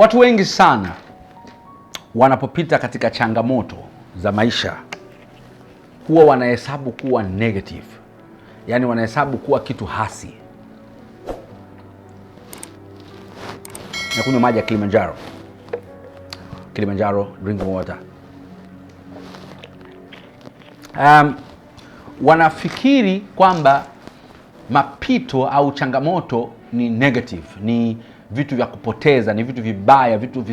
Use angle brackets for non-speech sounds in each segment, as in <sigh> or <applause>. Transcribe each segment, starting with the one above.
Watu wengi sana wanapopita katika changamoto za maisha huwa wanahesabu kuwa negative, yaani wanahesabu kuwa kitu hasi. Nakunywa maji ya Kilimanjaro, Kilimanjaro drink water. Um, wanafikiri kwamba mapito au changamoto ni negative, ni vitu vya kupoteza, ni vitu vibaya, vitu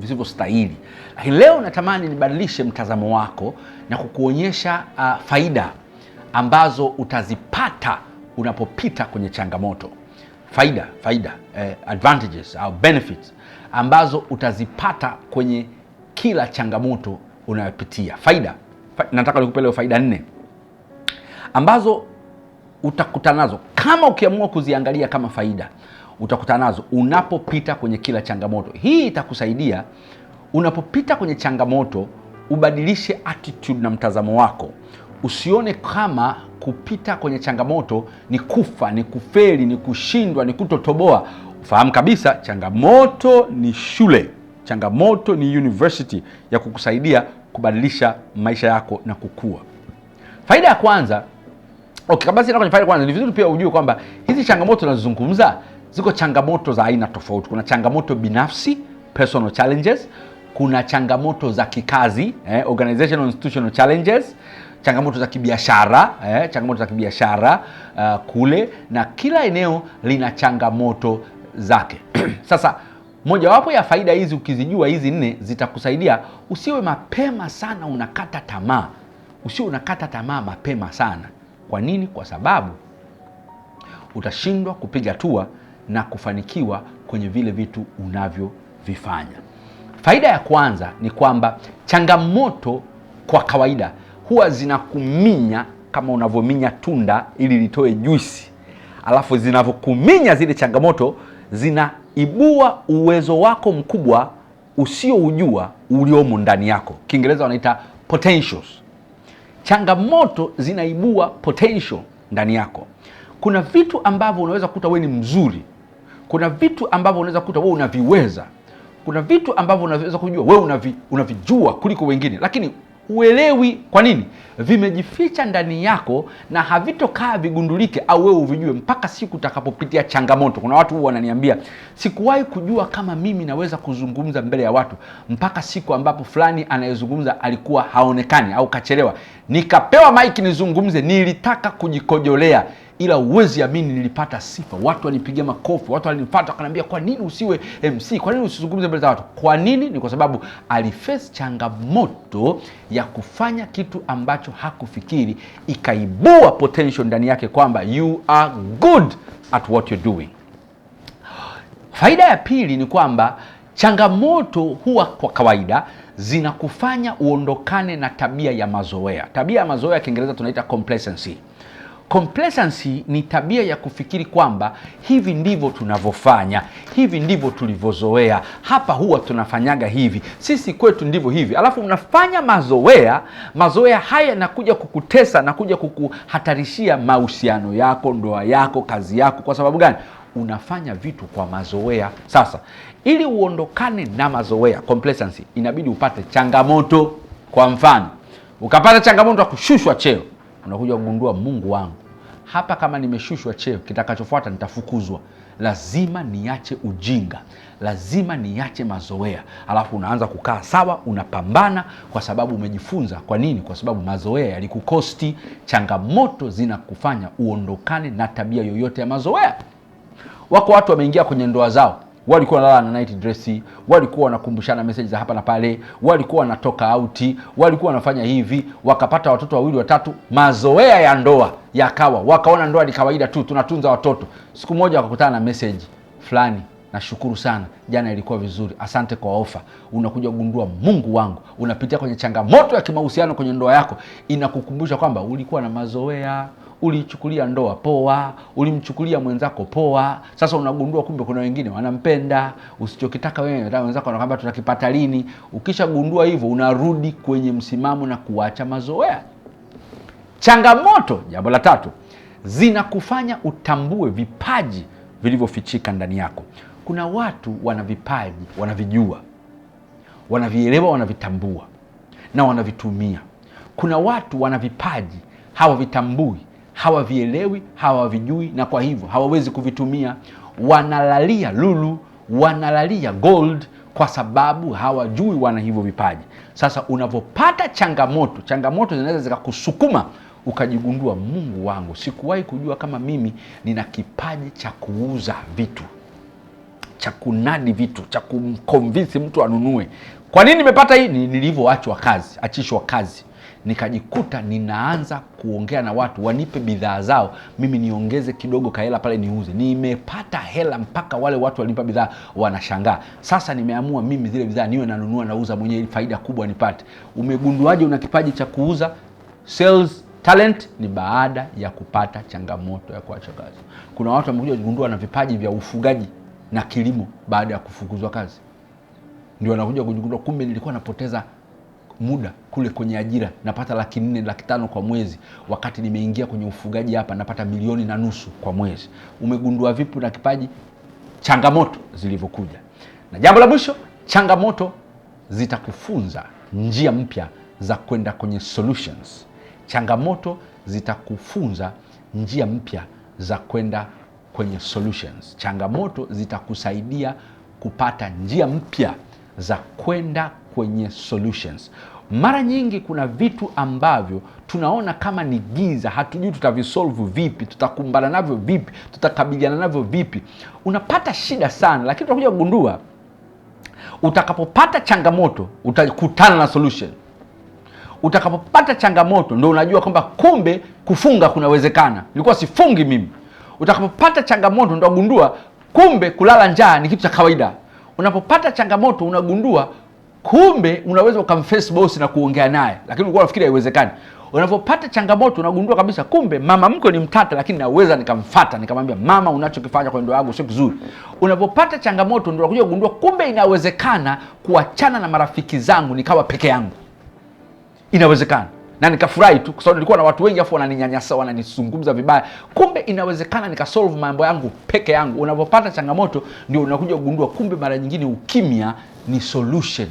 visivyostahili. Lakini leo natamani nibadilishe mtazamo wako na kukuonyesha uh, faida ambazo utazipata unapopita kwenye changamoto, faida faida, eh, advantages au benefits ambazo utazipata kwenye kila changamoto unayopitia. Faida fa, nataka nikupe leo faida nne ambazo utakutana nazo kama ukiamua kuziangalia kama faida utakutana nazo unapopita kwenye kila changamoto. Hii itakusaidia unapopita kwenye changamoto, ubadilishe attitude na mtazamo wako, usione kama kupita kwenye changamoto ni kufa, ni kufeli, ni kushindwa, ni kutotoboa. Fahamu kabisa, changamoto ni shule, changamoto ni university ya kukusaidia kubadilisha maisha yako na kukua. Faida ya kwanza Okay, kabla sienda kwenye faida kwanza, ni vizuri pia ujue kwamba hizi changamoto tunazozungumza ziko changamoto za aina tofauti. Kuna changamoto binafsi personal challenges, kuna changamoto za kikazi eh, organizational institutional challenges, changamoto za kibiashara eh, changamoto za kibiashara uh, kule, na kila eneo lina changamoto zake. <clears throat> Sasa mojawapo ya faida hizi ukizijua hizi nne zitakusaidia usiwe mapema sana unakata tamaa, usiwe unakata tamaa mapema sana. Kwa nini? Kwa sababu utashindwa kupiga hatua na kufanikiwa kwenye vile vitu unavyovifanya. Faida ya kwanza ni kwamba changamoto kwa kawaida huwa zinakuminya kama unavyominya tunda ili litoe juisi, alafu zinavyokuminya zile changamoto zinaibua uwezo wako mkubwa usioujua uliomo ndani yako. Kiingereza wanaita potentials. Changamoto zinaibua potential ndani yako. Kuna vitu ambavyo unaweza kukuta wewe ni mzuri kuna vitu ambavyo unaweza kukuta wewe unaviweza, kuna vitu ambavyo unaweza kujua wewe unavi, unavijua kuliko wengine, lakini uelewi kwa nini vimejificha ndani yako na havitokaa vigundulike au wewe uvijue mpaka siku utakapopitia changamoto. Kuna watu wananiambia sikuwahi kujua kama mimi naweza kuzungumza mbele ya watu mpaka siku ambapo fulani anayezungumza alikuwa haonekani au kachelewa, nikapewa maiki nizungumze, nilitaka kujikojolea, ila uwezi amini, nilipata sifa. Watu walinipigia makofi, watu walinifata wakaniambia, kwa nini usiwe MC? Kwa nini usizungumze mbele za watu? Kwa nini? Ni kwa sababu aliface changamoto ya kufanya kitu ambacho hakufikiri, ikaibua potential ndani yake kwamba you are good at what you're doing. Faida ya pili ni kwamba changamoto huwa kwa kawaida zinakufanya uondokane na tabia ya mazoea. Tabia ya mazoea ya Kiingereza tunaita complacency. Complacency ni tabia ya kufikiri kwamba hivi ndivyo tunavyofanya, hivi ndivyo tulivyozoea, hapa huwa tunafanyaga hivi, sisi kwetu ndivyo hivi, alafu unafanya mazoea. Mazoea haya yanakuja kukutesa, nakuja kukuhatarishia mahusiano yako, ndoa yako, kazi yako. Kwa sababu gani? unafanya vitu kwa mazoea. Sasa ili uondokane na mazoea complacency, inabidi upate changamoto. Kwa mfano, ukapata changamoto ya kushushwa cheo, unakuja kugundua, Mungu wangu, hapa kama nimeshushwa cheo, kitakachofuata nitafukuzwa. Lazima niache ujinga, lazima niache mazoea. Alafu unaanza kukaa sawa, unapambana kwa sababu umejifunza. Kwa nini? Kwa sababu mazoea yalikukosti. Changamoto zinakufanya uondokane na tabia yoyote ya mazoea. Wako watu wameingia kwenye ndoa zao, walikuwa wanalala na night dress, walikuwa wanakumbushana message za hapa na pale, walikuwa wanatoka auti walikuwa wanafanya hivi, wakapata watoto wawili watatu, mazoea ya ndoa yakawa, wakaona ndoa ni kawaida tu, tunatunza watoto. Siku moja wakakutana na message fulani Nashukuru sana, jana ilikuwa vizuri, asante kwa ofa. Unakuja kugundua, Mungu wangu, unapitia kwenye changamoto ya kimahusiano kwenye ndoa yako, inakukumbusha kwamba ulikuwa na mazoea ulichukulia ndoa poa, ulimchukulia mwenzako poa. Sasa unagundua kumbe kuna wengine wanampenda. Usichokitaka wewe na wenzako wanakwambia tutakipata lini. Ukishagundua hivyo, unarudi kwenye msimamo na kuacha mazoea. Changamoto, jambo la tatu, zinakufanya utambue vipaji vilivyofichika ndani yako. Kuna watu wana vipaji, wanavijua, wanavielewa, wanavitambua na wanavitumia. Kuna watu wana vipaji hawavitambui hawavielewi, hawavijui, na kwa hivyo hawawezi kuvitumia. Wanalalia lulu, wanalalia gold kwa sababu hawajui wana hivyo vipaji. Sasa unavyopata changamoto, changamoto zinaweza zikakusukuma ukajigundua, Mungu wangu, sikuwahi kujua kama mimi nina kipaji cha kuuza vitu cha kunadi vitu cha kumconvince mtu anunue. Kwa nini nimepata hii? Nilivyoachwa kazi, achishwa kazi, nikajikuta ninaanza kuongea na watu wanipe bidhaa zao, mimi niongeze kidogo kahela pale niuze. Nimepata hela mpaka wale watu walinipa bidhaa wanashangaa. Sasa nimeamua mimi zile bidhaa niwe nanunua nauza mwenyewe, ili faida kubwa nipate. Umegunduaje una kipaji cha kuuza? Sales talent ni baada ya kupata changamoto ya kuacha kazi. Kuna watu wamekuja kugundua na vipaji vya ufugaji na kilimo baada ya kufukuzwa kazi, ndio anakuja kujikuta kumbe nilikuwa napoteza muda kule kwenye ajira, napata laki nne laki tano kwa mwezi, wakati nimeingia kwenye ufugaji hapa napata milioni na nusu kwa mwezi. Umegundua vipi na kipaji, changamoto zilivyokuja? Na jambo la mwisho, changamoto zitakufunza njia mpya za kwenda kwenye solutions. Changamoto zitakufunza njia mpya za kwenda kwenye solutions. Changamoto zitakusaidia kupata njia mpya za kwenda kwenye solutions. Mara nyingi kuna vitu ambavyo tunaona kama ni giza, hatujui tutavisolve vipi, tutakumbana navyo vipi, tutakabiliana navyo vipi. Unapata shida sana, lakini utakuja kugundua utakapopata changamoto utakutana na solution. Utakapopata changamoto ndo unajua kwamba kumbe kufunga kunawezekana, nilikuwa sifungi mimi utakapopata changamoto ndo kumbe kulala njaa ni kitu cha kawaida. Unapopata changamoto unagundua kumbe unaweza ukamface boss na kuongea naye, lakini ulikuwa unafikiri haiwezekani. Unapopata changamoto unagundua kabisa kumbe mama mkwe ni mtata, lakini naweza nikamfata nikamwambia, mama, unachokifanya kwa ndoa yangu sio kizuri. Unapopata changamoto ndio unakuja kugundua kumbe inawezekana kuachana na marafiki zangu nikawa peke yangu, inawezekana na nikafurahi tu, kwa sababu nilikuwa na watu wengi afu wananinyanyasa wananizungumza vibaya. Kumbe inawezekana nikasolve mambo yangu peke yangu. unavyopata changamoto ndio unakuja kugundua kumbe mara nyingine ukimya ni solution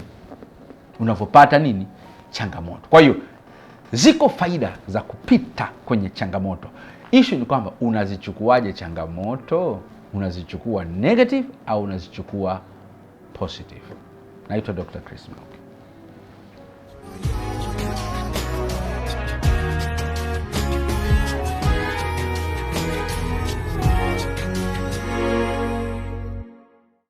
unavyopata nini changamoto. Kwa hiyo ziko faida za kupita kwenye changamoto. Ishu ni kwamba unazichukuaje changamoto, unazichukua negative au unazichukua positive? Naitwa Dr. Chris